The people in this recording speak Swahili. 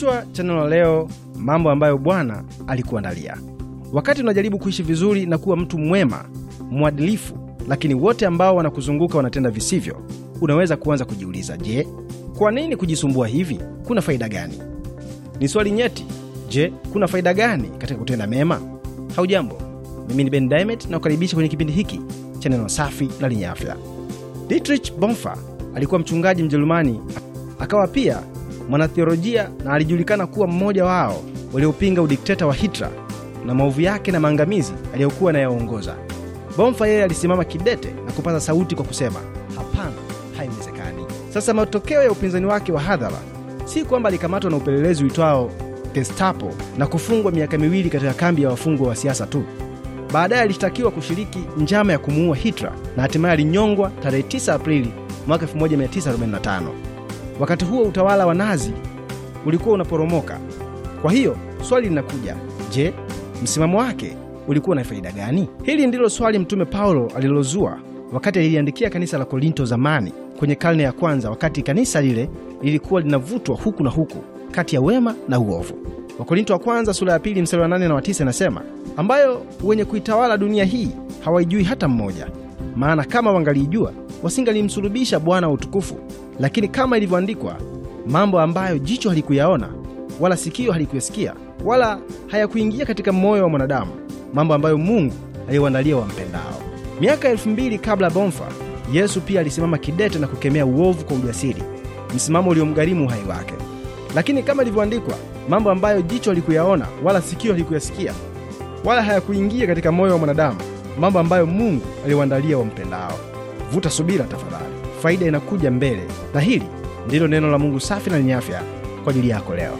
Kichwa cha neno la leo, mambo ambayo Bwana alikuandalia. Wakati unajaribu kuishi vizuri na kuwa mtu mwema, mwadilifu, lakini wote ambao wanakuzunguka wanatenda visivyo, unaweza kuanza kujiuliza, je, kwa nini kujisumbua hivi? Kuna faida gani? Ni swali nyeti. Je, kuna faida gani katika kutenda mema? Haujambo, mimi ni Ben Diamond na kukaribisha kwenye kipindi hiki cha neno safi na lenye afya. Dietrich Bonfa alikuwa mchungaji Mjerumani, akawa pia mwanathiolojia na alijulikana kuwa mmoja wao waliopinga udikteta wa Hitler na maovu yake na maangamizi aliyokuwa nayaongoza bomfa yeye alisimama kidete na kupaza sauti kwa kusema, hapana, haiwezekani. Sasa matokeo ya upinzani wake wa hadhara si kwamba alikamatwa na upelelezi uitwao Gestapo na kufungwa miaka miwili katika kambi ya wafungwa wa siasa tu. Baadaye alishtakiwa kushiriki njama ya kumuua Hitler na hatimaye alinyongwa tarehe 9 Aprili mwaka 1945. Wakati huo utawala wa Nazi ulikuwa unaporomoka. Kwa hiyo swali linakuja, je, msimamo wake ulikuwa na faida gani? Hili ndilo swali Mtume Paulo alilozua wakati aliliandikia kanisa la Korinto zamani kwenye karne ya kwanza, wakati kanisa lile lilikuwa linavutwa huku na huku kati ya wema na uovu. Wakorinto wa kwanza sura ya pili mstari wa nane na wa tisa inasema, ambayo wenye kuitawala dunia hii hawaijui hata mmoja, maana kama wangaliijua wasingalimsulubisha Bwana wa utukufu lakini kama ilivyoandikwa, mambo ambayo jicho halikuyaona wala sikio halikuyasikia wala hayakuingia katika moyo wa mwanadamu, mambo ambayo Mungu aliwaandalia wampendao. Miaka elfu mbili kabla ya Bonfa, Yesu pia alisimama kidete na kukemea uovu kwa ujasiri, msimamo uliomgharimu uhai wake. Lakini kama ilivyoandikwa, mambo ambayo jicho halikuyaona wala sikio halikuyasikia wala hayakuingia katika moyo wa mwanadamu, mambo ambayo Mungu aliwaandalia wampendao. Vuta subira tafadhali faida inakuja mbele, na hili ndilo neno la Mungu safi na lenye afya kwa ajili yako leo.